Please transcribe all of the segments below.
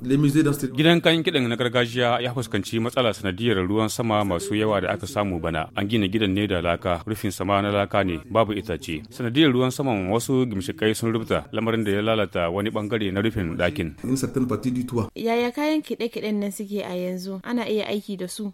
Gidan kayan kiɗan na gargajiya ya fuskanci matsala sanadiyar ruwan sama masu yawa da aka samu bana. An gina gidan ne da laka, rufin sama na laka ne, babu itace. Sanadiyar ruwan saman wasu gimshikai sun rubuta lamarin da ya lalata wani bangare na rufin ɗakin. Yaya kayan kiɗe-kiɗen nan suke a yanzu? Ana iya aiki da su.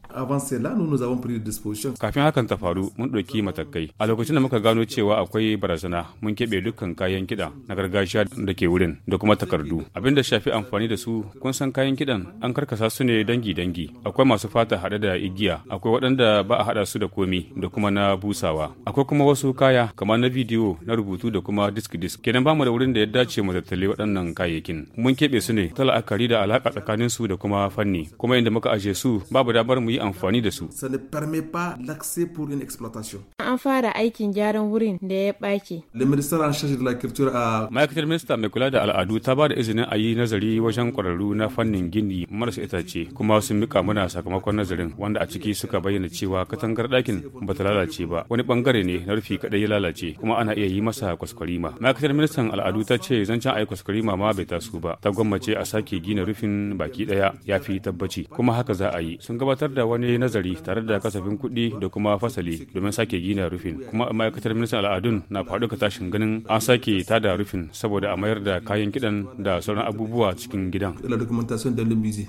Kafin hakan ta faru, mun ɗauki matakai. A lokacin da muka gano cewa akwai barazana, mun keɓe dukkan kayan kiɗa na gargajiya da ke wurin da kuma takardu. Abin da shafi amfani da su kun san kayan kidan an karkasa su ne dangi-dangi. Akwai masu fata haɗe da igiya, akwai waɗanda ba a hada su da komi da kuma na busawa. Akwai kuma wasu kaya kamar na bidiyo, na rubutu da kuma disk-disk. Kenan mu da wurin da ya dace mu tattali waɗannan kayayyakin. Mun keɓe su ne ta la'akari da alaƙa tsakanin su da kuma fanni, kuma inda muka aje su babu damar mu yi amfani da su. An fara aikin gyaran wurin da ya ɓaci. Ma'aikatar Minista mai kula da al'adu ta ba da izinin a yi nazari wajen ƙwararru shekaru na fannin gini marasa itace kuma sun mika muna sakamakon nazarin wanda a ciki suka bayyana cewa katangar ɗakin ba ta lalace ba wani bangare ne na rufi kaɗai ya lalace kuma ana iya yi masa kwaskwarima ma'aikatar ministan al'adu ta ce zancen ayi kwaskwarima ma bai taso ba ta gwammace a sake gina rufin baki ɗaya ya fi tabbaci kuma haka za a yi sun gabatar da wani nazari tare da kasafin kuɗi da kuma fasali domin sake gina rufin kuma ma'aikatar ministan al'adun na faɗuka tashin ganin an sake tada rufin saboda a mayar da kayan kiɗan da sauran abubuwa cikin gidan. la documentation dans le musée.